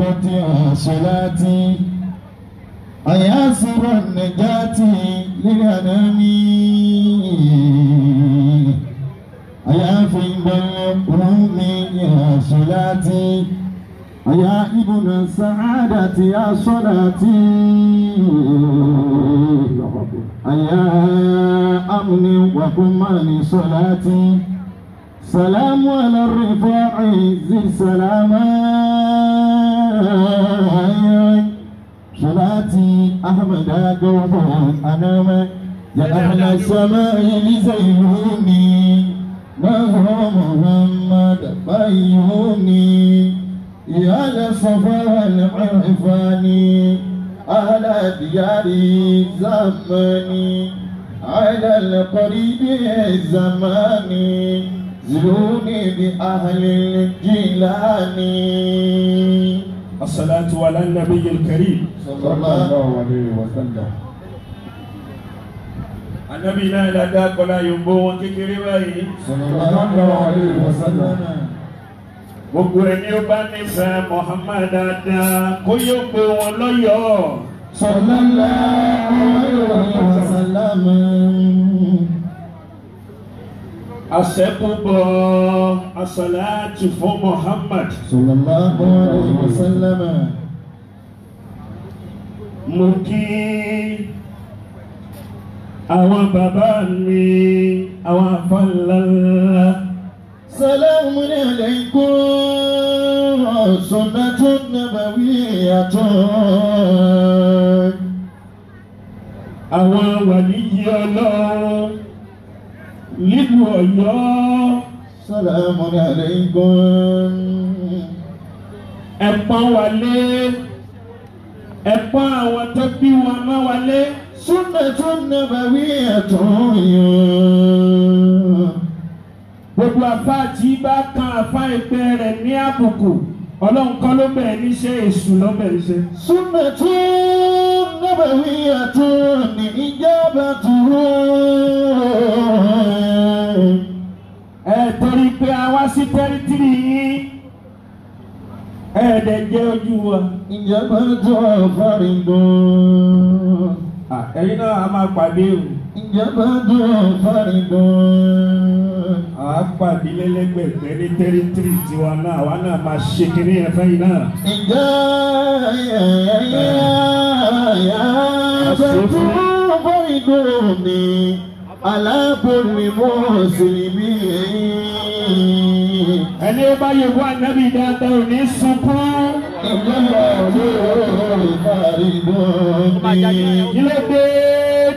قطع صلاتي أيا سر النجاة للأنام أيا في القلوب يا صلاتي أيا ابن السعادة يا صلاتي أيا أمن وكمان صلاتي سلام على الرفاع ذي السلامات صلاتي أحمد قوم أنام يا أهل نعم. السماء لزيوني ما هو محمد بيوني يا لصفا العرفاني أهل دياري زماني على القريب زماني زلوني بأهل الجيلاني الصلاة على النبي الكريم صلى الله عليه وسلم النبي لا لا داك ولا ينبو وكيكري وي صلى الله عليه وسلم gbogbo ẹni ó bá nífẹ̀ẹ́ Muhammad dáadáa kó yóò gbé wọn lọ́yọ̀ọ́. sọlá ńlá ọ̀rẹ́ ìwà ìwà sálámù asẹ́kùnbọ̀ asàlátì fún Muhammad. sallallahu alayhi wa sallam. mo kí àwọn bàbá mi àwọn afọ́nlá. salamu alaykum sunnatun nabawiyyatun. àwọn wàlíyí ọlọ́run nílùú Ọ̀yọ́. sálámù aláìkùm. ẹ̀pọ́n wálé ẹ̀pọ́n àwọn tó bí wọn má wálé. súnmẹ̀ tó nàbà wí ẹ̀tàn yàn. gbogbo àfa tí bá kan àfa ìpè rẹ̀ ní àbùkù ọlọ́run ló bẹ̀rẹ̀ níṣẹ́ èṣù ló níṣẹ́. súnmẹ̀ tó. نبوية إجابته ẹ torí pé a wá sí tẹ́rítìrì yín ẹ̀ẹ́dẹ̀ jẹ́ ojú wa. ìjọba tó ọ̀fọ́rin bò. ẹ̀yin náà a máa pàdé o. ìjọba tó ọ̀fọ́rin àápàdé lẹ́lẹ́gbẹ̀gbẹ́ ní tẹ́rítírì tiwa náà àwa náà máa ṣe kiri ẹ̀fẹ́ yìí náà. ìjà ẹ̀yà àbẹ̀tú bọ́ ìlú mi alábòrin mùsùlùmí. ẹni ó bá yẹ wá nábì dáadáa ò ní sunkún ìjọba olóòrò ìfàrígbó mi. ilé gbé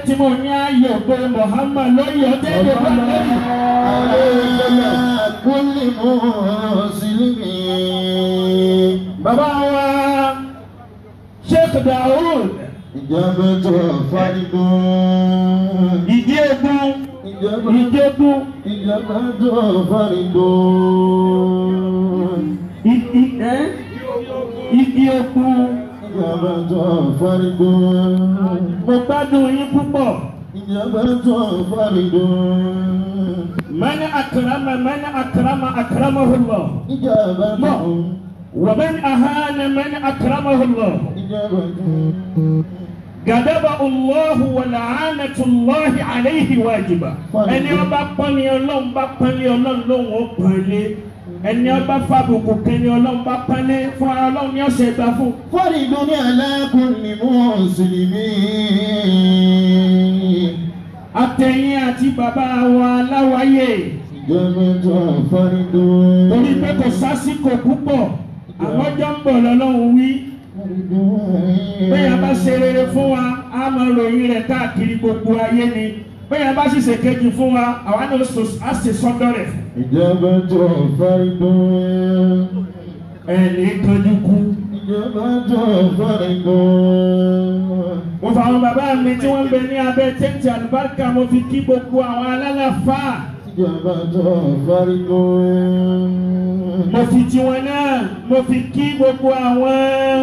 tí mo ní ayò pé Muhammad lóyè ọjọ́ ìdè bá lóyè. àwọn ìlànà kúlì mú sílímì. bàbá wa Sheikh Daoud. ìjọba tó fàrígbó. ìdí ogun ìjẹ́bú ìjọba tó fàrígbó. ìdí ẹ́ igi eku. ìjàmbá tó fárigbó. mo gbádùn yín púpọ̀. ìjàmbá tó fárigbó. mẹ́ni àkàràmà mẹ́ni àkàràmà àkàràmà hùlọ. ìjàmbá tó. ومن أهان من أكرمه الله gàdàbà ọlọ́hu wàlàánàtúlọ́hì àlẹ́yìí wájibà ẹni ọba pọ́nlé ọlọ́run bá pọ́nlé ọlọ́run ó pọ́nlé ẹni ọba fàbùkù kẹni ọlọ́run bá pẹ́lẹ́ fún ara ọlọ́run ní ọ̀sẹ̀ ìgbà fún. fọ́ọ̀rì lórí alákùnrin mùsùlùmí. àtẹ̀yìn àti bàbá wa láwáyé. ìjọba fọ́ọ̀rì ló. torí pé kò sásìkò púpọ̀ àwọn jọ ń bọ̀ lọ́lọ́run wí. bẹ́ẹ̀ a bá ṣe rere fún wa a máa ròyìn rẹ̀ káàkiri gbogbo ayé ni bẹ́ẹ̀ yẹn bá sì ṣe kejì fún wa àwa náà á ṣe sọ́dọ̀ rẹ̀. ìjọba tó fárígbọ́n. ẹni tọ́jú kú. ìjọba tó fárígbọ́n. mo fà àwọn bàbá mi tí wọ́n ń bẹ ní abẹ́ tẹ́ǹtì àlùbáríkà mo fi kí gbogbo àwọn alálàfáà. ìjọba tó fárígbọ́n. mo fi tiwọn náà mo fi kí gbogbo àwọn.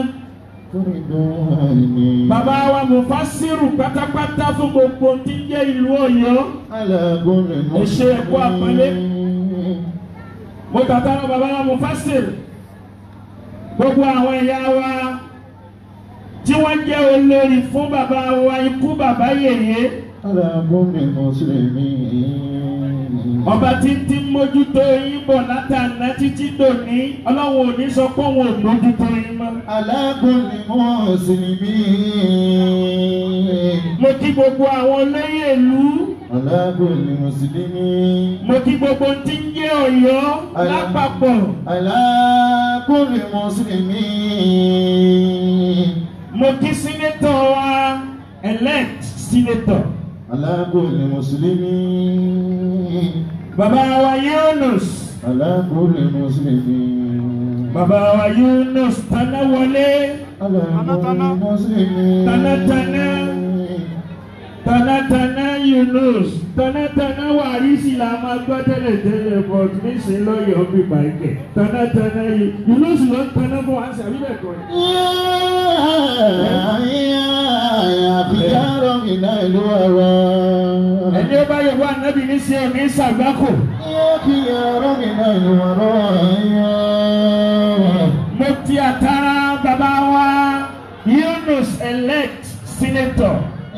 Bàbá wa Mufasiru pátápátá fún gbogbo tí ń jẹ́ ìlú Ọ̀yọ́. Ìṣe ẹ̀kọ́ àpọ́nlé. Mo tàtàrà bàbá wa Mufasiru. Gbogbo àwọn ìyá wa tí wọ́n jẹ́ olórí fún bàbá wa ikú bàbá yèyé. Alábọ́mí Mùsùlùmí ọba tí ń tí ń mójútó yín bọ̀ látàná títí dòní ọlọ́run ò ní sọ pé òun ò mójútó yín mọ́. alákòólì mọ́ sinmi. mo kí gbogbo àwọn olóyè ìlú. alákòólì mọ́ sinmi. mo kí gbogbo tí ń jẹ́ ọ̀yọ́ lápapọ̀. alákòólì mọ́ sinmi. mo kí sínétọ̀ wa elect sínétọ̀ alákòlè mùsùlùmí. Baba wa Yunus. alákòlè mùsùlùmí. Baba wa Yunus tana wọlé. alákòlè mùsùlùmí. tana tana tanátana Yunus tanátana Warisi la máa gbọ́ tẹ́lẹ̀ tẹ́lẹ̀ but nísìnyí lọ́yọ̀ bí bàjẹ́ tanátana Yunus ló ń taná fún wa ṣàbí bẹ́ẹ̀ kọ́ ni. àfijáró mi náà ìlú ọ̀rọ̀. ẹni ó bá yẹ wá nábì ní sí ẹ̀mí ṣàgbákò. àfijáró mi náà ìlú ọ̀rọ̀ mo ti àtàrà bàbá wa Yunus elect senator.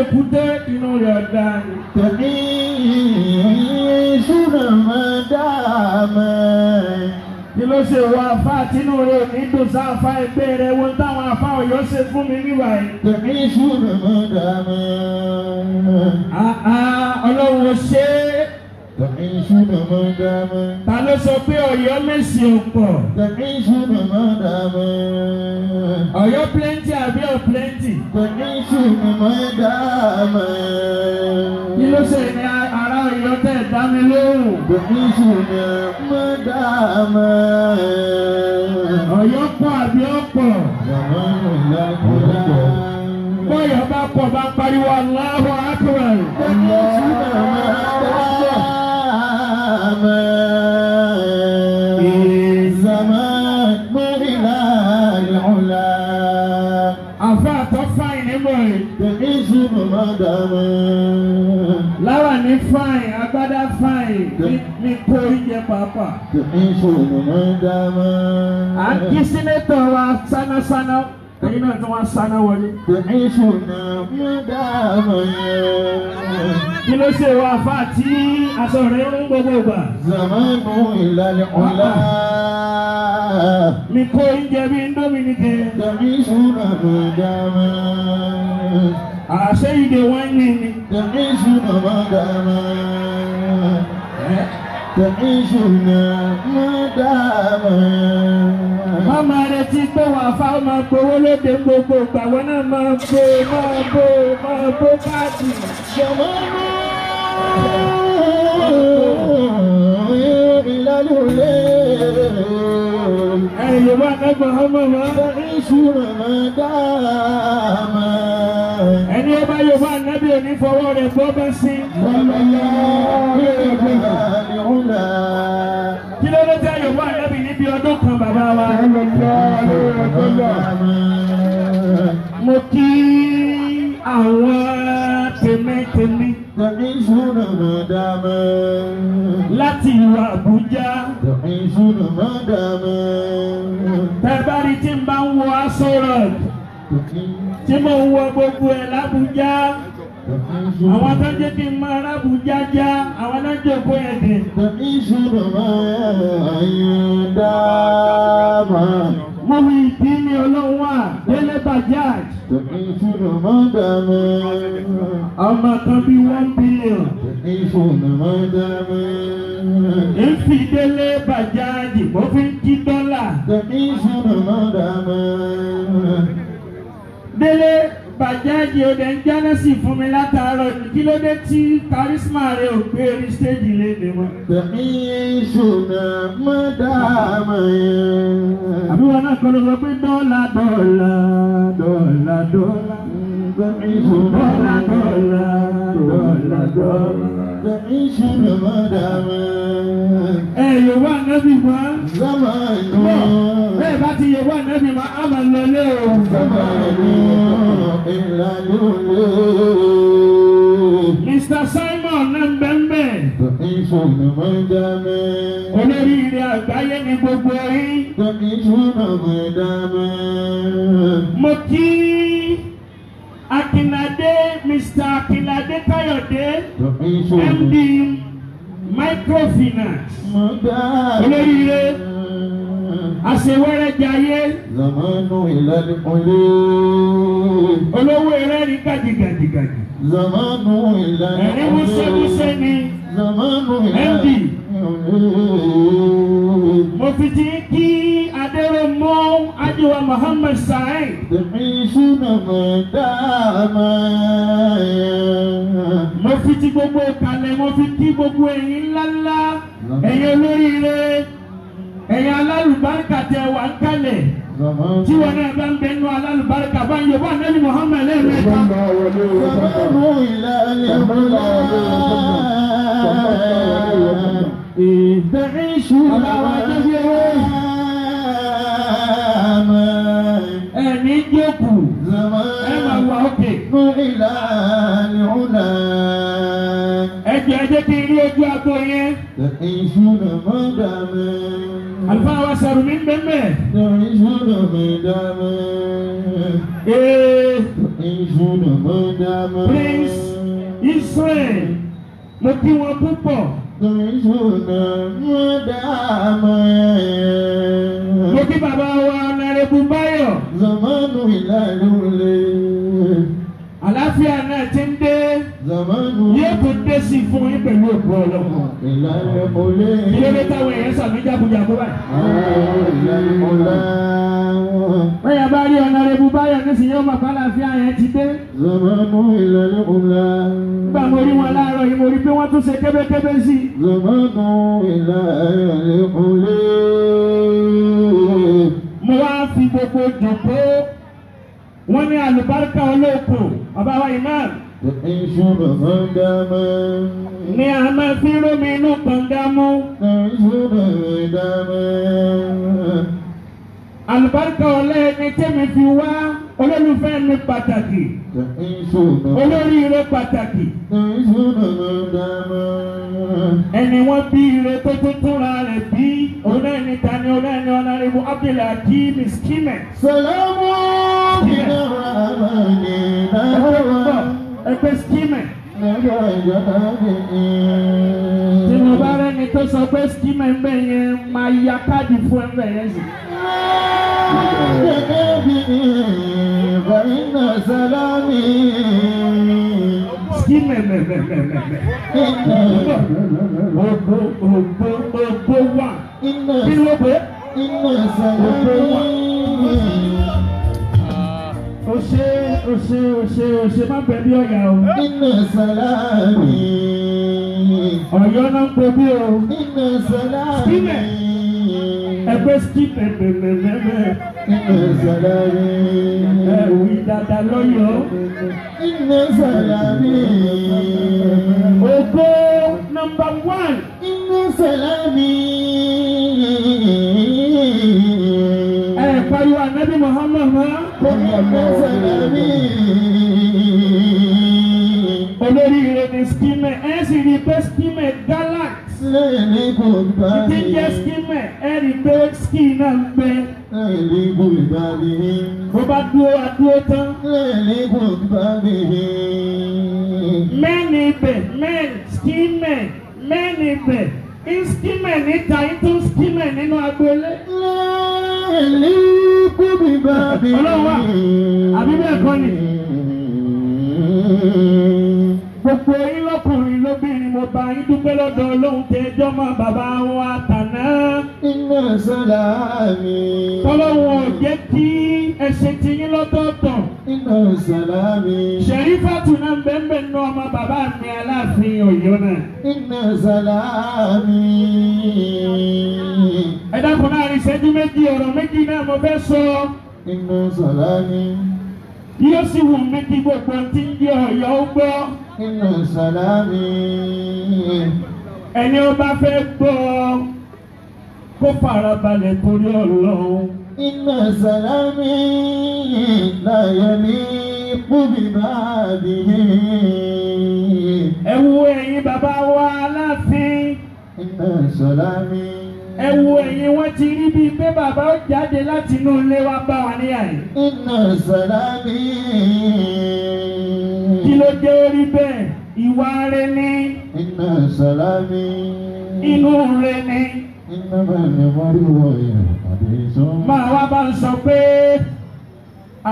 èkúté inú rẹ̀ ọ̀dà ni. Tẹ̀mí ìṣúná máa dá àmọ́. Kí ló ṣe wọ afá tínú rẹ̀ ní dùnsá afá ẹgbẹ́ rẹ̀ wo táwọn afá Ọ̀yọ́ ṣe fún mi níwà yìí. Tẹ̀mí ìṣúná máa dá àmọ́. Ọlọ́run ṣe é. Tẹ̀mísù màmá dámọ́. Ta ló sọ pé Ọ̀yọ́ lèsì ọ̀pọ̀? Tẹ̀mísù màmá dámọ́. Ọ̀yọ́ plenty àbí ọ̀ plenty? Tẹ̀mísù màmá dámọ́. Kí ló ṣe ní ará Ọ̀yọ́ tẹ̀ dá mi lóhùn? Tẹ̀mísù màmá dámọ́. Ọ̀yọ́ pọ̀ àbí ọ̀pọ̀? Màmá mi lágbára. Bọ́yọ̀ bá pọ̀ fine. Tẹ̀mísù màmá dàmà. Lára ní fine, agbádá fine, ní kó oúnjẹ pàápàá. Tẹ̀mísù màmá dàmà. À ń kí sínétọ̀ wa sánásáná ẹ̀yin náà tí wọ́n sáná wọlé. Bẹ̀mí ṣùnà mú dáàmú yẹn. Kí ló ṣe wá fà tí aṣọ rẹ̀ ń gbogbo gbà? Zamanu ìlànà ọ̀la. Mi kó oúnjẹ bí Indomie jẹ. Bẹ̀mí ṣùnà mú dáàmú. Àṣẹ ìdè wọ́n ń ni. Bẹ̀mí ṣùnà mú dáàmú. تعيشنا ما دام Màmá rẹ̀ ti pé wà fá máa gbowó lóde gbogbo gbàwọ́ náà máa gbó máa gbó إلى الليل أيوة محمد تعيشون ما دام ẹni ọba yorùbá ànábì òní fọwọ́ rẹ̀ bọ́ bá sí. kí ló dé tẹ yorùbá ànábì níbi ọdún kan bàbá wa. mo kí àwọn Tẹ̀mísùnà mọ̀dàmọ́. Láti ìlú Àbújá. Tẹ̀mísùnà mọ̀dàmọ́. Tẹ̀bárí tí ń bá ń wọ aṣọ rẹ̀. Tí mo ń wọ gbogbo ẹ̀ lábújá. Àwọn tó jẹ́ kí n máa rábùjá já, àwọn náà jòkó ẹ̀dẹ̀. Tẹ̀mísùnà Gbogbo ìdí ni ọlọ́run wà délé bajaj. Tẹ̀mí ìfúnà máa ń dá mi. Ọmọ kan bí one billion. Tẹ̀mí ìfúnà máa ń dá mi. Èsì délé bajaj mo fi ń jí dọ́là. Tẹ̀mí ìfúnà máa ń dá mi. Délé bàjáàjì ọdẹ ń jánẹ́sì fún mi látàárọ̀ kí ló dé tí kárísímà rẹ ò gbé orí stéèjì léde mọ́. tẹ̀mí ṣùnà mọ́ dáàmà yẹn. àbí wọn náà kọ́ ló sọ pé dọ́là dọ́là dọ́là dọ́là. tẹ̀mí ṣùnà dọ́là dọ́là dọ́là dọ́là. tẹ̀mí ṣùnà mọ́ dáàmà. ẹ yóò wá nábì wá. sábà yóò bá yẹ wá nẹ́bí ma á máa o. Mr. Simon náà ń bẹ́ ń bẹ́. Olórí ilé àgbáyé ni gbogbo yín. Mo kí Akinade Mr. Akinade Kayode MD Microfinance. Olórí ilé. Mm-hmm. àṣewẹ́rẹ́ jayé. zamanu ìlànà kọ́lé. olówó ẹ̀rẹ́ rí gàjìgàjìgàjì. zamanu ìlànà kọ́lé. ẹ̀rí wúṣẹ́wúṣẹ́ ni. zamanu ìlànà kọ́lé. mo fi ti kí adéròmọ́ adéwà Muhammad Saheed. tèmi sínú mi dáàmà. mo fi ti gbogbo kalẹ̀ mo fi kí gbogbo ẹ̀yin ńláńlá ẹ̀yin olóríire ẹ̀yin alálùbáríkà tẹ wà ń kalẹ̀ tí wọn náà bá ń bẹ nínú alálùbáríkà bá ń yẹ bá nẹ́ni Muhammad lẹ́ẹ̀mẹ́ta. ìdẹ́rìṣù làwọn ajẹ́bí ewé. ẹ̀mí jókòó ẹ̀ máa wà ókè. ẹ jẹ́ ẹ jẹ́ kí n rí ojú àgbo yẹn. Yàtìsúnà mọ́ dàmẹ́. Àlùfáà wa sọ̀rọ̀ mi bẹ́ẹ̀. Yàtìsúnà mọ́ dàmẹ́. Ee. Yàtìsúnà mọ́ dàmẹ́. Prince Israel, mo kí wọn púpọ̀. Yàtìsúnà mọ́ dàmẹ́. Mo kí bàbá wa Nàrẹ́kùn Báyọ̀. Zamanu ìlànà olè. Àlàáfíà náà ti ń dé yóò tó dé fún yín pẹ̀lú òkú ọlọ́run. ìlérí táwọn èèyàn sàmì jábùjábù báyìí. wọ́n bá rí ọ̀nàrẹ́bù báyọ̀ nísìnyí ọmọ àbálàfíà yẹn ti dé. zamanu ìlérí ọ̀la. nígbà mo rí wọn láàárọ̀ yìí mo rí pé wọ́n tún ṣe kébékébé sí i. mo wá fi gbogbo dùn pé wọ́n ní àlùbáríkà olóòkù bàbá wa imam. تعيش بهدما نعم سلمين قدم تعيش بهدما àlùbáríkà ọlẹ́ ẹni tẹ́mi fi wá olólùfẹ́ mi pàtàkì olórí ire pàtàkì ẹni wọ́n bí ire tó tó túnra rẹ̀ bí olóyìnbí tani olóyìnbí ọ̀nàrẹ́bù abdulhaki miskime. sọlá mú kí ni wàá bá ní náírà ẹgbẹ́ skimẹ̀. tí mo bá rẹ́ni tó sọ pé skimẹ̀ ń bẹ̀ yẹn máa ya káàdì fún ẹ bẹ̀ yẹn sì. skimẹ̀ mẹ̀mẹ̀mẹ̀mẹ̀ ògbó ògbó ògbó wà kí ló dé ògbó wà. o ah, ṣe o ṣe o ṣe o ṣe má bẹ̀ bí ọ̀yà o. nínú sàlámì. ọ̀yọ́ náà ń pè bí o. nínú sàlámì. sílẹ̀ ẹgbẹ́ sílẹ̀ mẹ́mẹ́mẹ́. nínú sàlámì. ẹ̀rù ìdàdà lọ́yọ̀ọ́. nínú sàlámì. ògo nọ́mbà one. nínú sàlámì. ẹ̀ pariwo anabi muhammad ha olóríire ni skimẹ ẹ sì rí pé skimẹ gallant títí jẹ skimẹ ẹ rí pé ski náà ń gbé. bó bá dúró adúró tán. mẹ́ni ibẹ̀ mẹ́ni skimẹ mẹ́ni ibẹ̀ ń skimẹ̀ níta yín tó ń skimẹ̀ nínú agboolé. lẹ́ẹ̀lì kúbi bàbí. ọlọ́wà àbí bẹ́ẹ̀ kọ́ ni. gbogbo yín lọ́kùnrin lóbìnrin mo bá yín dúpẹ́ lọ́dọ̀ ọlọ́run tẹ ẹjọ́ mọ́ bàbá wa tàná. iná sọ́dà mi. tọ́lọ́wọ̀n jẹ́ kí ẹ ti yín lọ́tọ̀ọ̀tọ̀ nínú sàlámì. Ṣẹ̀rífàtù náà bẹ́ẹ̀bẹ́ ná ọmọ bàbá mi aláàfin Ọ̀yọ́ náà. Nínú sàlámì. Ẹ dákun náà rí ìṣẹ́jú méjì ọ̀rọ̀ méjì náà mo fẹ́ sọ. Nínú sàlámì. Yóò sì wù mí kí gbogbo tí ń di Ọ̀yọ́ ó gbọ́. Nínú sàlámì. Ẹni ó fẹ́ gbọ́ kó farabalẹ̀ torí Ọlọ́run. إن سلامي لا يليق ببعده ẹ wo ẹ̀yin bàbá wa aláàfin. إن سلامي ẹ wo ẹ̀yin wọ́n ti rí bíi pé bàbá ó jáde láti inú ilé wa bá wa ní àyè. إن سلامي. kí ló jẹ́ orí bẹ́ẹ̀ ìwà rẹ ni. إن سلامي. inú rẹ ni. إنما المرء máa wá bá ń sọ pé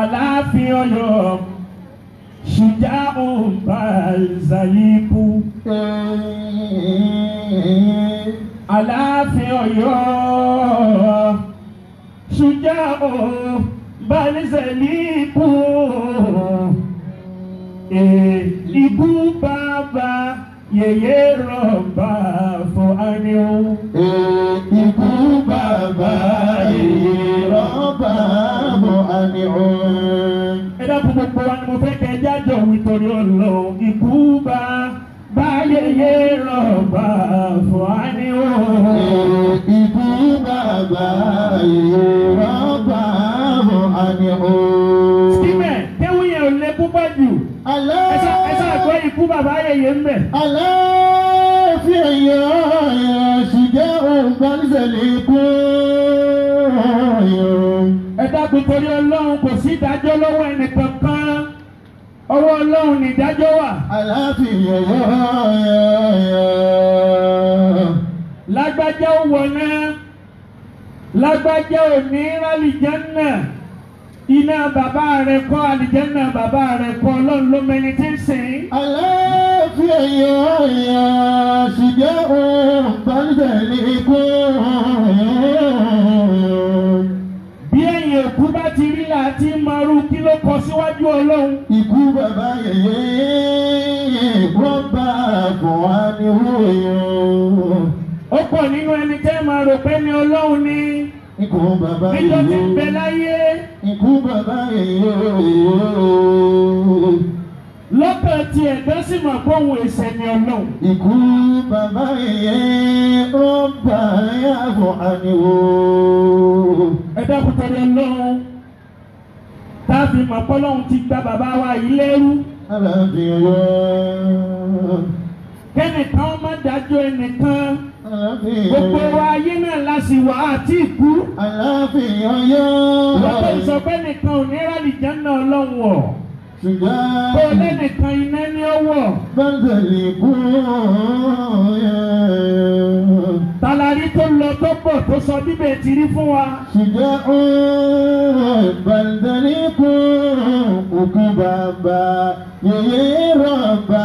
aláàfin Ọ̀yọ́ ṣùjá òun bá zàyíkú. aláàfin Ọ̀yọ́ ṣùjá òun bá zàyíkú. ìbú bàbá yèyé rọ̀ bá fún àníwó báyìí rọ́bà mọ́ àmì ọ̀hún. ẹ dákun gbogbo wa ni mo fẹ́ kẹ́ jájọ nítorí ọ̀lọ́ ikú bá báyìí rọ́bà fún àmì ọ̀hún. ikú bá báyìí rọ́bà mọ́ àmì ọ̀hún. síbẹ̀ tẹ́wọ́ yẹn ò lè kú bá jù. ẹ sá àgbọ̀ ikú bàbá ayẹyẹ ń bẹ̀. شافعيا يا شجاع بنزلكم ẹ dákun torí ọlọ́run kò sí ìdájọ́ lọ́wọ́ ẹnì kankan ọwọ́ ọlọ́run ní ìdájọ́ wà. aláfihàn lágbájá ò wọ̀ náà lágbájá ò ní rálì jẹ́ náà iná bàbá rẹ kọ́ àlìjẹ́nà bàbá rẹ kọ́ ọlọ́run ló mẹni tí ń sìn. àlàáfíà yọ ọ̀yà ṣìgẹ́ òun balùwẹ̀ ní ikú. bí ẹ̀yìn òkú bá ti rí láti marú kí ló kọ síwájú ọlọ́run. ikú bàbá yẹyẹ ìgbọ́n bá àbọ̀ wá ní wúwo yẹn. ó pọ̀ nínú ẹni tẹ́ máa rò pé ní ọlọ́run ni ikú bàbá yìí ó ikú bàbá yìí ó. lọ́pẹ̀ tí ẹ̀dá sì máa gbóhùn ẹ̀sẹ̀ ni ọlọ́run. ikú bàbá yìí ó bá yàgò àníwò. ẹ̀dá kúta ni ọlọ́run tá a fi mọ̀ pọ́lọ́hún ti gba bàbá wa yìí lẹ́rú. alábìyẹ. kẹ́nìkan má dájọ́ ẹnìkan. Gbogbo wa ayé náà la sì wà àti ìkú. Àlàáfíà yọ. Lọ́pọ̀ ìsọpẹ́ nìkan ò ní rálì jẹ́nà ọlọ́run wọ̀. Ṣùgbọ́n. Kó lẹ́nìkan iná ní ọwọ́. Bẹ́ẹ̀ni kú yẹn. tó lọ tó pọ̀ tó sọ bíbẹ̀ ti rí fún wa. Ṣùgbọ́n ó bẹ̀ẹ̀ni kú òkú bàbá yèyé rọ̀bà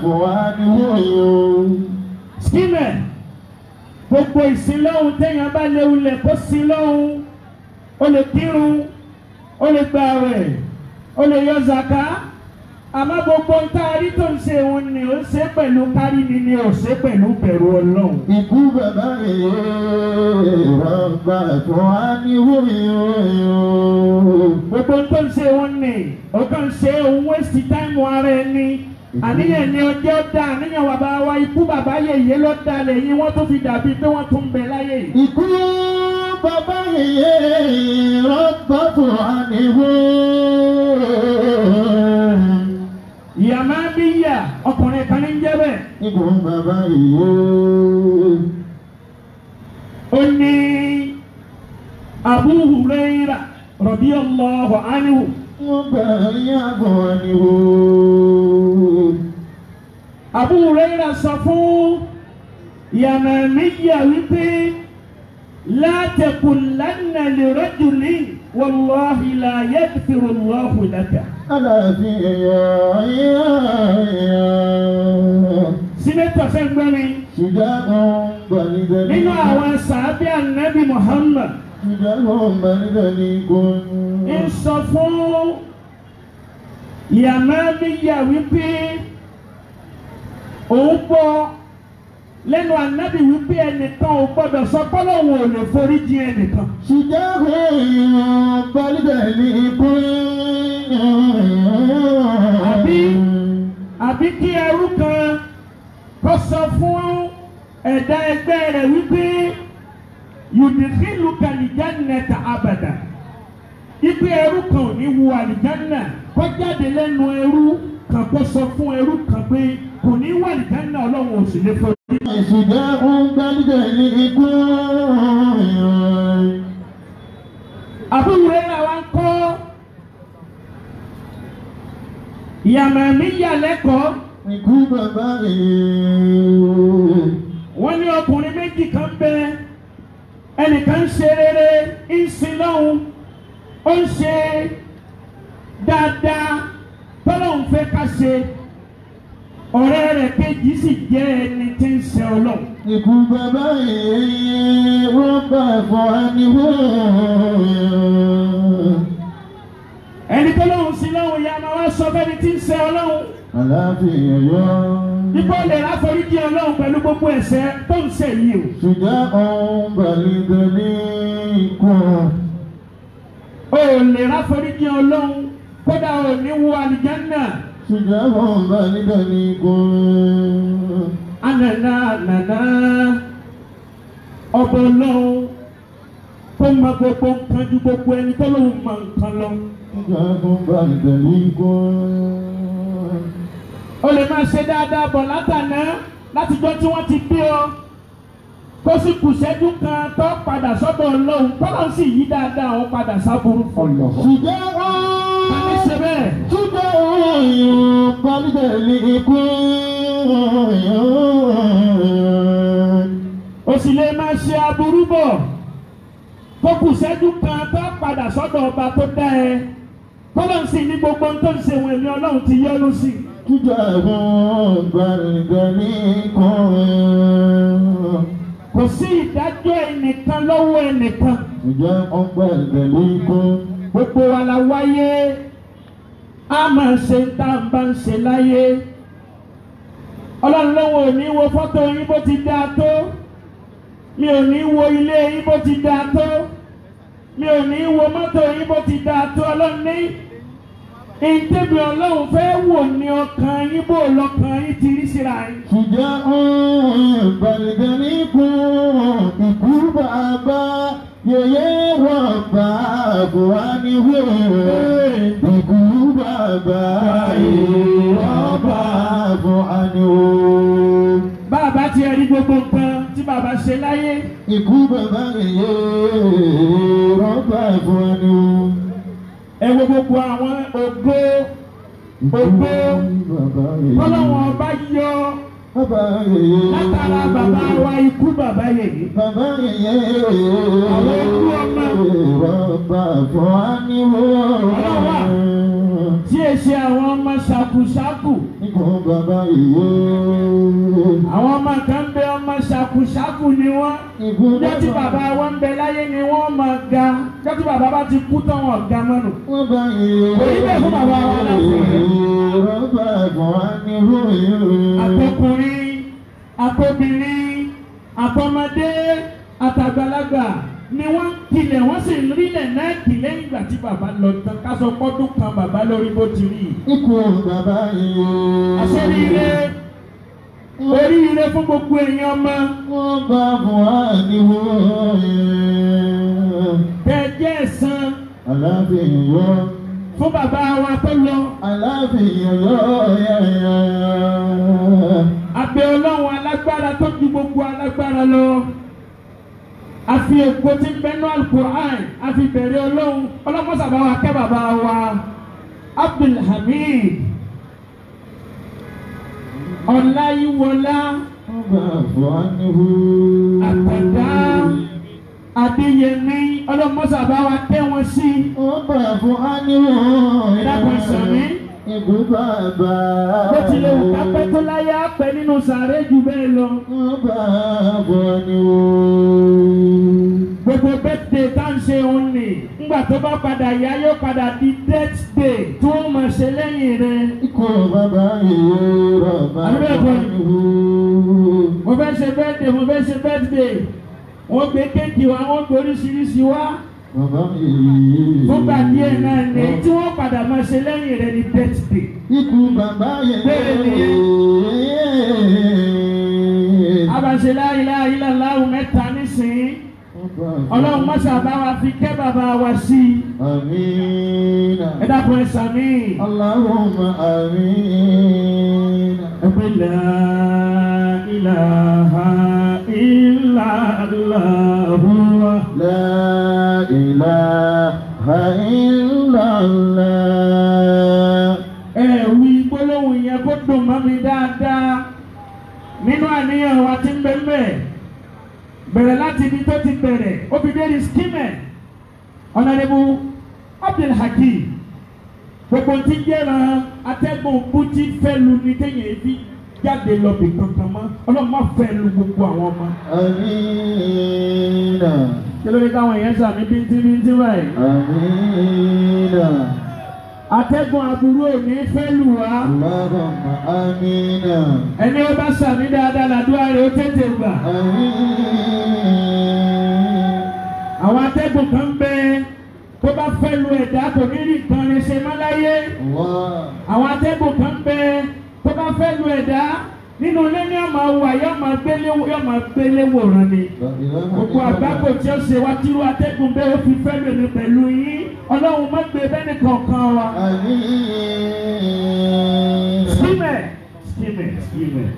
fún wa ní wòyó. Skimẹ̀ gbogbo ìsinlọ́hun téèyàn bá léwu lẹ̀ kó sinlọ́hun ó lè kírun ó lè gba àwẹ̀ ó lè yọ zaka àmọ́ gbogbo ń tá a rí tó ń ṣe òun ni ó ń ṣe pẹ̀lú kárí ni ni ò ṣe pẹ̀lú bẹ̀rù ọlọ́run. ikú bàbá rèé rọgbà tó wá ní wúmi gbogbo ń tó ń ṣe òun ni ó kàn ṣe òun wẹ́sì táìmù ara ẹni. Mhm. àníyàn ni ọjọ́ dá àníyàn bàbá wa ikú bàbá yèyé ló dá lẹ́yìn wọ́n tún fi dàbí pé wọ́n tún bẹ láyé. ikú bàbá yèyé rọ́gbọ́tò àníwó. ìyá máa bí yà ọkùnrin kan ní jẹ́ ikú bàbá yèyé. ó ní Abu Huraira radiyallahu anhu. wọ́n bẹ̀rẹ̀ yàgò àníwó àbúrẹ́rà sọ fún Yamamiyya wípé látẹ̀kùn lánà lè rọ́jò ní wàlláhi là yẹ́dìfìrò lọ́hù lẹ́kà. Aláàbí ẹ̀yà ẹ̀yà ẹ̀yà. Sínẹ́tọ̀ sẹ́gbẹ́ni. Ṣùgbọ́n gbàlídẹ́ni. Nínú àwọn sàábí ànábì Muhammad. Ṣùgbọ́n gbàlídẹ́ni kún. Ń sọ fún Yamamiyya wípé òun gbọ́ lẹ́nu ànábì wípé ẹnìkan ò gbọ́dọ̀ sọ pọ́lọ́hún ò lè forí jì ẹnìkan. ṣùgbọ́n èèyàn gbọ́dọ̀ ní ikú. àbí àbí kí ẹrú kan kó sọ fún ẹ̀dá ẹgbẹ́ rẹ̀ wípé yùdìkìlù kàlìjánẹ̀tà àbàdà ibi ẹrú kan ò ní wu àlìjánà kọjáde lẹ́nu ẹrú kan kó sọ fún ẹrú kan pé kò ní wà nìkan náà ọlọ́run ò sì lè fọ. ìṣìdá ń gbàdúgbà ní ikú àbúrò náà wá ń kọ́ yàmẹ̀míyà lẹ́kọ̀ọ́. ikú bàbá èèyàn. wọ́n ní ọkùnrin méjì kan bẹ ẹnìkan ń ṣe rere ń sin lọ́hùn ó ń ṣe dáadáa tọ́lọ́hún fẹ́ ká ṣe ọ̀rẹ́ rẹ̀ kejì sì jẹ́ ẹni tí ń ṣe ọlọ́run. ìkùnbẹ báyìí wọ́n bá ẹ̀fọ́ ẹni wó. ẹni tó lóun sí lóun ya máa wá sọ fẹ́ni tí ń ṣe ọlọ́run. àlàáfíà yọ. Ipa lè ráforíjì ọlọ́run pẹ̀lú gbogbo ẹ̀ṣẹ̀ tó ń ṣe yìí o. Ṣùgbọ́n ọ̀hún gbàlejò ní ikú. O lè ráforíjì ọlọ́run kódà ò ní wo àlìjẹ́ náà. شجاب ذلك نيكون أنا نا نا نا ọba ọlọ́run tó mọ gbogbo nǹkan ju gbogbo ẹni tó lóun mọ nǹkan lọ. ìjà ẹ̀gbọ́n bá ìbẹ̀rù o lè máa ṣe dáadáa bọ̀ látàná látijọ́ tí wọ́n ti bí ọ kó sì kù ṣẹ́jú kan tó padà sọ́dọ̀ ọlọ́run tọ́lọ́ sì yí dáadáa ọ̀ padà sábúrú. ọ̀nà ṣùgbọ́n ó ní ṣe bẹ́ẹ̀. ṣùgbọ́n òòyìn pọ́ńdẹ̀ ní ikú ó sì lè máa ṣe aburú bọ̀ kó kù ṣẹ́jú kan tó padà sọ́dọ̀ ọba tó dá ẹ tọ́lọ́ sì ní gbogbo ohun tó ń ṣe wọ̀nyí ọlọ́run ti yọ́nú sí i. Kíjà ẹ̀gbọ́n gbàrúgbà ní kọ́ọ̀ọ́ kò sí ìdájọ́ ẹnìkan lọ́wọ́ ẹnìkan. ǹjẹ́ ọgbẹ́ ìtẹ̀lé kó. gbogbo wa la wáyé a máa ṣe tá a bá ń ṣe láyé ọlọ́run lọ́wọ́ ò ní wo fọ́tò yín bó ti dáa tó mi ò ní wo ilé yín bó ti dáa tó mi ò ní wo mọ́tò yín bó ti dáa tó ọlọ́run ní. Ntẹ́bi ọlọ́run fẹ́ wò ní ọkàn yín bó lọ́kàn yín ti rí síra yín. Ṣùgbọ́n bàlùkẹ́ ní kún ìkú bàbá yẹyẹ rọ̀bà kò wá ní wò ìkú bàbá yẹyẹ rọ̀bà kò wá ní wò. Bàbá ti ẹni gbogbo nǹkan tí bàbá ṣe láyé. Ìkú bàbá yẹyẹ rọ̀bà kò wá ní wò ẹ wo gbogbo àwọn ògo ògo kọ́lọ́wọ́n ọba yọ látara bàbá wa ikú bàbá yèyí. bàbá yèyí àwọn ikú ọmọ. ọba fún wa ní wọ́n tí è ṣe àwọn ọmọ ṣàkùṣàkù. nígbà bàbá ìwé. àwọn ọmọ kan bẹ ọmọ ṣàkùṣàkù ni wọn. ìgbóná tí bàbá wọn ń bẹ láyé ni wọn máa ga. jọ́tí bàbá bá ti kú tán wọn ga mọ́nu. wọ́n bá ìwé. èyí bẹ̀ fún bàbá wa láti rẹ̀. rọ́bà ẹ̀gbọ́n wa ní ìwé. àtọkùnrin àtobìnrin àtọmọdé àtàgbàlagbà ni wọ́n tilẹ̀ wọ́n sì ń rílẹ̀ náà kì lẹ́yìn ìgbà tí bàbá lọ tán ká sọ pọ́dún kan bàbá lórí bó ti rí. ikú bàbá yìí. àṣọríire oríire fún gbogbo èèyàn ọmọ. wọ́n bá buhari wọ ẹ̀. bẹ́ẹ̀jẹ́ ẹ̀sán. aláàfin yọ. fún bàbá wa tó lọ. aláàfin yọ ẹ̀yà. abẹ́ ọlọ́run alágbára tó ju gbogbo alágbára lọ àfi èkó tí ń bẹnu alukur'an àfi bẹ̀rẹ̀ ọlọ́run ọlọ́mọ́sàbá wa kẹ́ bàbá wa abdulhamid ọláyíwọlá àtàdá adéyẹmí ọlọ́mọ́sàbá wa kẹ́ wọn sí. ó bẹ̀rẹ̀ fún ánìwọ̀n. ìdàgbàsán mi. Ìbú bàbá o. Bó tilẹ̀ wù ká pẹ́ tó láyé á pẹ́ nínú sàárè jù bẹ́ẹ̀ lọ. Bàbá bọ̀ ni o. Gbogbo birthday tá ń ṣe òun nì. Ngbà tó bá padà yá yóò padà di death day tó mọ̀ ṣe lẹ́yìn rẹ̀. Ikú bàbá yìí rọ̀ bàbá bọ̀ ni o. Mo fẹ́ ṣe birthday mo fẹ́ ṣe birthday. Wọ́n gbé kéèkì wa, wọ́n gbé oríṣiríṣi wá. Fúnpa díẹ̀ náà ni èyí tí wọ́n padà máa ṣe lẹ́yìn rẹ̀ ní birthday. Ikú bàbá yẹn bẹ́ẹ̀ ni. Abàṣe láyìláyì làláwù mẹ́ta nísìnyí. Ọlọ́run má ṣàbá wa fi kẹ́ bàbá wa sí i. Àmínà. Ẹ dákun ẹ sàmì. Allahumma àmínà. Ẹ pé la ilaha illa Allah. La. إله إلا الله ẹ wí gbólóhùn yẹn kó dùn mọ́ mi dáadáa nínú àníyàn wa ti ń bẹ mẹ́ bẹ̀rẹ̀ láti ibi tó ti bẹ̀rẹ̀ obìnrin skimẹ̀ ọ̀nàdébù Abdulhakeem gbogbo ti jẹ́ ran atẹ́gùn bùtí fẹ́ lu ní téèyàn fi jáde lọ bí kankan mọ́ ọlọ́run má fẹ́ lu gbogbo àwọn ọmọ. àmín. kí ló dé káwọn èèyàn sàmì bíntín bíntín báyìí. àmín. Atẹ́gùn aburú òní fẹ́ lù wá. Allahumma amina. Ẹni ó bá sàmì dáadáa làdúrà rẹ̀ ó tètè gbà. Àmín. Àwọn atẹ́gùn kan bẹ tó bá fẹ́ lu ẹ̀dá kò ní rí nǹkan rinṣẹ́ máláyé. Àwọn atẹ́gùn kan bẹ bá fẹ́ lu ẹ̀dá nínú ilé ní àmà wà yóò máa gbélé yóò máa gbélé wòran ni gbogbo àgbákò tí ó ṣe wá tírú atẹ́gùn bẹ́ẹ̀ ó fi fẹ́ lòdì pẹ̀lú yín ọlọ́run má gbé bẹ́ẹ̀ni kankan wa. símẹ̀ símẹ̀ símẹ̀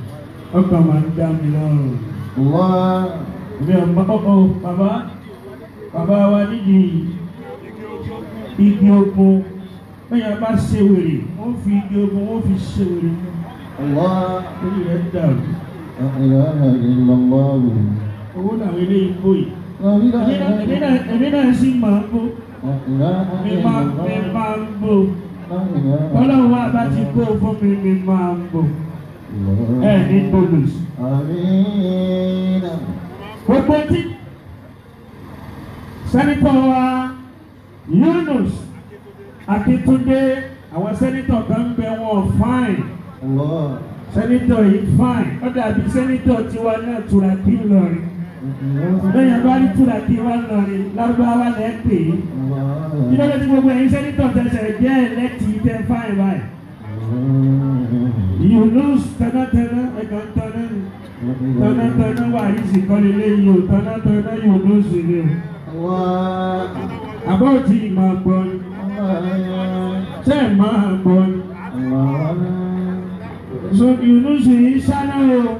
ọkàn máa ń dá mi lọ́rùn. wá. mi ò mọ ọkọ bàbá bàbá wa nídìí igi ogun bẹ́ẹ̀ yẹn bá ṣe wèrè wọ́n fi igi ogun wọ́n fi ṣe wèrè fún un. Allah orí rẹ̀ dàrú. Ìlànà ìlọ́wọ́ rò. Owó làwọn ilé igbó yìí. Èmi náà sì máa ń gbó. Mi máa ń gbó. Ọlọ́run wa bá ti gbó fún bonus. Gbogbo tí sẹ́nitọ̀ Yunus Akíntúndé àwọn sẹ́nitọ̀ kan ń bẹ wọn fáìn sẹ́nitọ̀ yìí fine ó dàbí sẹ́nitọ̀ tiwa náà tùràkì ńlọrin lẹ́yìn mm-hmm. bá rí tùràkì wa ńlọrin lárúbáwá lẹ́ pè é mm-hmm. kí lọ́dọ̀ tí gbogbo ẹ̀yin sẹ́nitọ̀ tẹ̀sẹ̀ jẹ́ ẹlẹ́tì tẹ́ fine báyìí mm-hmm. Yunus tẹ́nátẹ́ná ẹ̀ka ń tẹ́ná ni tẹ́nátẹ́ná wà yìí sì kọ́ni léyìí o tẹ́nátẹ́ná Yunus ni o àbọ̀tì máa gbọ́ ni tẹ́ máa gbọ́ ni. So Yunus yìí sana, o.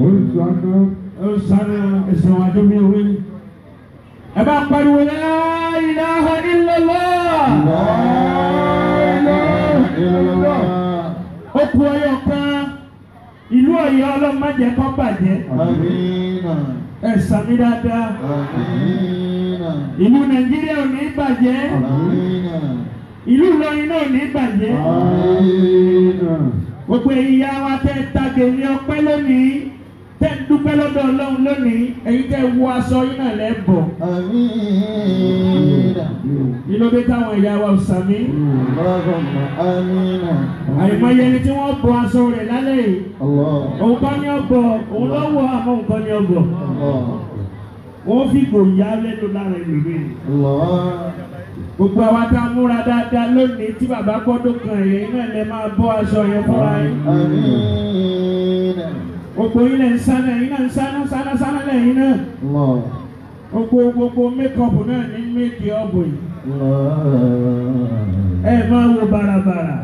Ó ń sáná. Ó ń sáná ẹsẹ̀ wà dùn mí òwe. Ẹ bá pariwo la ilaha illallah. La ilaha illallah. Ó kú ọyọ kan. Ìlú Ọ̀yọ́ ọlọ́mọdé kọ́ Ilu Ẹ sàmì dáadáa. Ìlú Nàìjíríà ò ní bàjẹ́. Ìlú Ìlọrin náà ò ní bàjẹ́ gbogbo ìyá wa tẹ́ ẹ ní ọpẹ́ lónìí tẹ́ ẹ dúpẹ́ lọ́dọ̀ lónìí ẹ̀yin tẹ́ wọ aṣọ yín náà lẹ́ bọ̀. ìlọ́bí táwọn ìyá wa ò sàmí. àìmọye ẹni tí wọ́n bọ aṣọ rẹ̀ lálẹ́ yìí òun kọ́ ní ọ̀bọ̀ òun lọ́wọ́ àmọ́ òun kọ́ ní ọ̀bọ̀ wọ́n fi gbòòyà lẹ́nu lára ìlú mi gbogbo àwọn tá a múra dáadáa lónìí tí bàbá gbọ́dọ̀ kan yẹn náà lè máa bọ́ aṣọ yẹn fúnra yín. gbogbo yín lè ń sáná yín náà ń sáná sáná sáná lẹ́yìn náà. gbogbo gbogbo mékọ̀pù náà ní méjì ọ̀bùn yìí. ẹ máa wo bàràbàrà.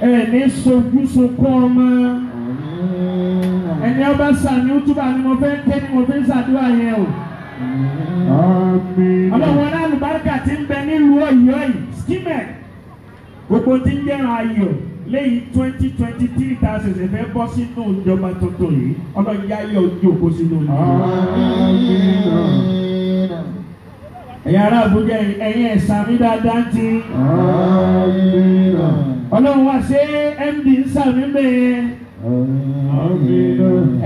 ẹ ní sojú sunkún ọmọ. ẹni ọba sàmì ó túbà ni mo fẹ́ kẹ́ ni mo fẹ́ sàdúrà yẹn o. ọlọ́wọ́ tí ń bẹ nílùú Ọ̀yọ́ yìí skimet gbogbo tí ń jẹran ayọ̀ lẹ́yìn twenty twenty three thousand ẹ̀fẹ́ bọ́ sínú ìjọba tuntun yìí ọlọ́jà ayọ̀ jòkó sínú ìlú. ẹ̀yin ará Àbújá ẹ̀yin ẹ̀sà mi dáadáa ti. ọlọ́run wá ṣé md ń sàmì bẹ́ẹ̀.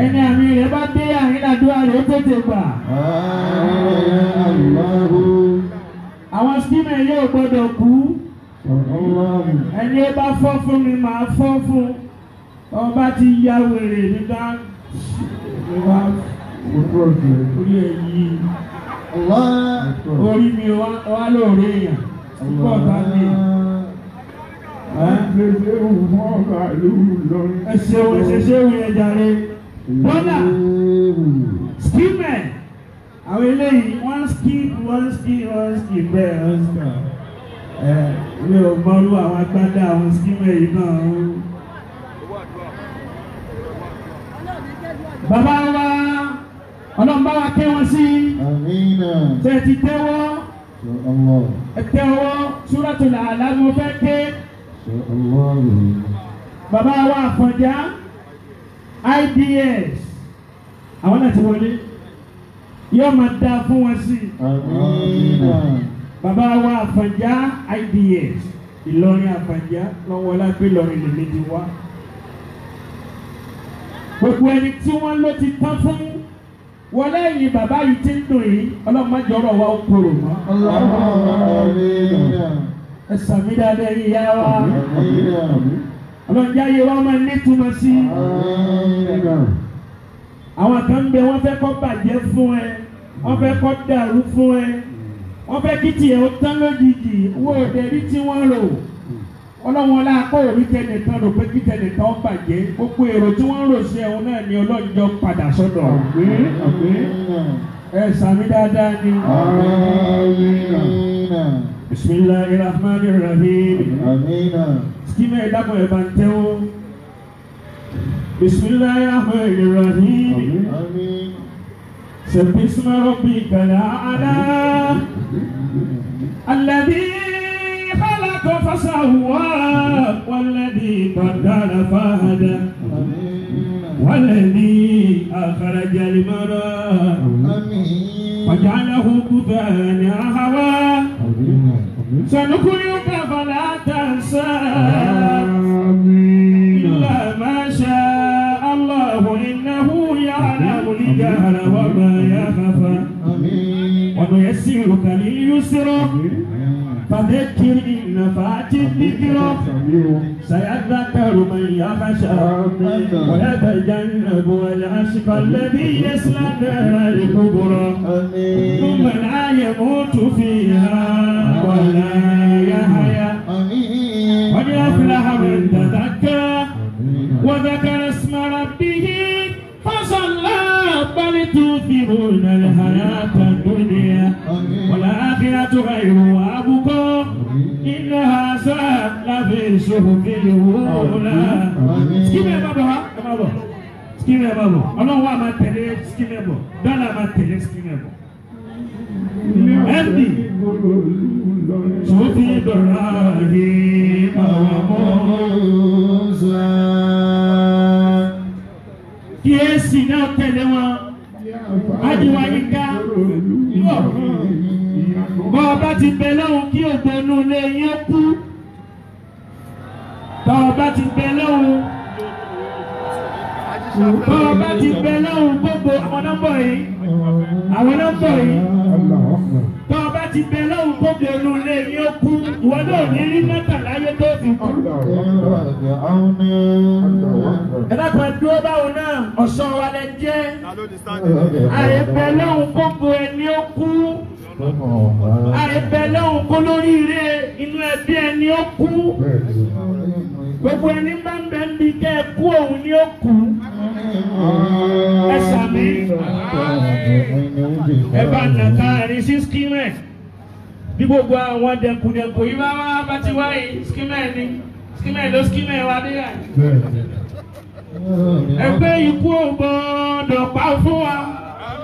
ẹni àmì rẹ̀ bá dé àrínàdúrà rẹ̀ ó tètè gbà àwọn sínú yóò gbọ́dọ̀ kú ẹni ó bá fọ́ fún mi màá fọ́ fún ọba ti ya wèrè nígbà ìwà orí ẹ̀yí orí mi wá lóore èèyàn púpọ̀ bá mi. Ẹ ṣeun ẹ ṣe ṣéwìn ẹ jàre. Bọ́dà, Stephen àwọn eléyìí wọ́n ń ski wọ́n ń ski wọ́n ń ski bẹ́ẹ̀ wọ́n ń ski ẹ̀ mi ò gbọ́rú àwọn agbádá àwọn skimẹ̀ yìí náà ń. bàbá wa ọlọ́run bá wa kẹ́ wọn sí. àmínà. tẹ̀ ti tẹ́wọ́. ẹ tẹ́wọ́ Suratul A'la mo fẹ́ ké. bàbá wa Àfọ̀njá IDS àwọn náà ti wọlé yóò máa dáa fún wọn sí bàbá wa àfànjá ids ìlọrin àfànjá lọ́wọ́ lápẹ́ ìlọrin lèmi ti wá. gbogbo ẹni tí wọ́n ló ti tán fún wọn lẹ́yìn bàbá yìí ti ń dùn yìí ọlọ́mọdé ọ̀rọ̀ wa ó korò mọ́. ẹ sàmì dáadáa yìí yá wa ọlọ́njẹ́ ayé wa máa nítumọ̀ sí àwọn kan ń bẹ wọ́n fẹ́ kọ́ bàjẹ́ fún ẹ wọ́n fẹ́ kọ́ dàrú fún ẹ wọ́n fẹ́ kí tiẹ̀ ó tán lójijì wọ́n ò dẹ̀ rí tí wọ́n rò ọlọ́run ọlá akọ́ òrí tẹnìkan rò pé kí tẹnìkan ó bàjẹ́ gbogbo èrò tí wọ́n ń rò sí ẹ̀hún náà ni ọlọ́jọ́ padà sọ́dọ̀ ẹ sàmì dáadáa ni. bisimilahi rahman rahim. sikimẹ ìdábọ̀ ẹ̀ bá ń tẹ́wọ́. bisimilahi rahman rahim. سبح اسم ربك الأعلى الذي خلق فسوى والذي قدر فهدى والذي أخرج المرى فجعله بذان هوى سنخرجك فلا تنسى إلا ما شاء الله إنه يعلم الجهل وما ونيسرك لليسرى فذكر إن نفعت الذكرى سيذكر من يخشى ويتجنب الأشقى الذي يصلى النار الكبرى ثم لا يموت فيها ولا يحيا قد أفلح من تزكى وذكر اسم ربه فصلى بل تؤثرون الحياة الدنيا والآخرة خير وأبقى إن هذا لفي الصحف الأولى سكيمي بابا بابا سكيمي بابا ọlọ́run wa máa tẹ̀lé skinny bọ̀ dọ́là máa tẹ̀lé skinny bọ̀ ẹ̀ndì tó fi dọ̀rọ̀ àdé àwọn ọmọ ọ̀sà. kí èsì bọ́ ọba ti bẹ lọ́hùn kí ògbónú ilé yín kú bọ́ ọba ti bẹ lọ́hùn bọ́ ọba ti bẹ lọ́hùn gbogbo àwọn nọ́mbà yìí àwọn nọ́mbà yìí bọ́ ọba ti bẹ lọ́hùn gbogbo ònú ilé yín kú ìwọ náà ní rí mẹ́ta láyé tó fi kú. ẹ dákun ẹdúró báwo náà ọ̀sán wa lẹ jẹ́ àyè gbogbo ẹni ó kú àìbẹ̀ lọ́hùn kó lórí ire inú ẹbí ẹni ó kú gbogbo ẹni bá ń bẹ ń bi kẹ́ ẹ kú òun ni ó kú ẹ sàmì ẹ bá nàka ẹni sí skimẹ bí gbogbo àwọn dẹkùdẹkù yìí bá wá bá ti wáyé skimẹ ni skimẹ ló skimẹ wá dé yà ẹgbẹ́ ikú ò gbọ́dọ̀ pa fún wa.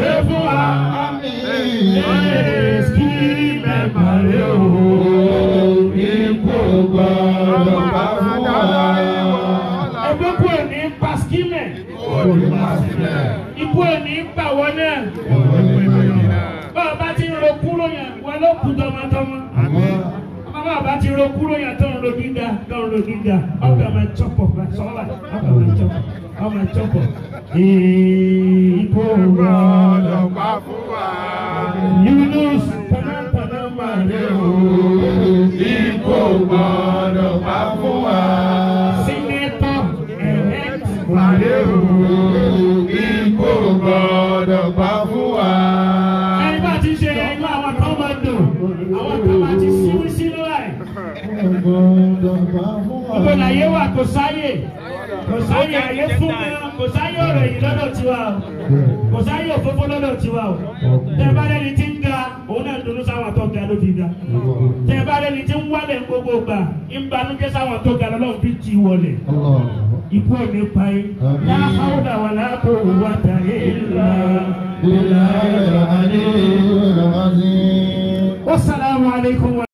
ṣe fún wa. Lọ́yẹ̀ kí mẹ́fà lé o, oh. ipò gbọ́dọ̀ bá fún wa. Ẹgbẹ́ kò ní pa skílẹ̀. Ikú ò ní pa wọ́n náà. Bọ́ọ̀ bá ti ń ro kúrò yẹn, wọ́n ló kú tọmọtọmọ bá bá ti ro kúrò yẹn tó Ipò wa lọ́pá fún wa. Yunus tẹ̀lẹ́tẹ̀lẹ́ máa dé o. Ipò wa lọ́pá fún wa. Sínẹ́tọ̀ elect máa dé o. Ipò wa lọ́pá fún wa. Ẹni bá ti ṣe ẹgbẹ́ àwọn tó máa dùn, àwọn tó máa ti síwí sínú ẹ̀. Ọ̀gbọ̀n lọ́pá kò sáyè. Kò sáyè ayé fún mi kò sáyé yìí lọ́dọ̀ tiwa o kò sáyé òfófó tiwa o tẹ bá lẹni tí ń ga òun náà dunu sáwọn tó ga ló fi ga tẹ bá lẹni tí ń wálẹ̀ gbogbo gbà ń banújẹ́ sáwọn tó ga lọ́wọ́ fi ti wọlé ikú ẹ̀ ní pa yín láhàúdà wà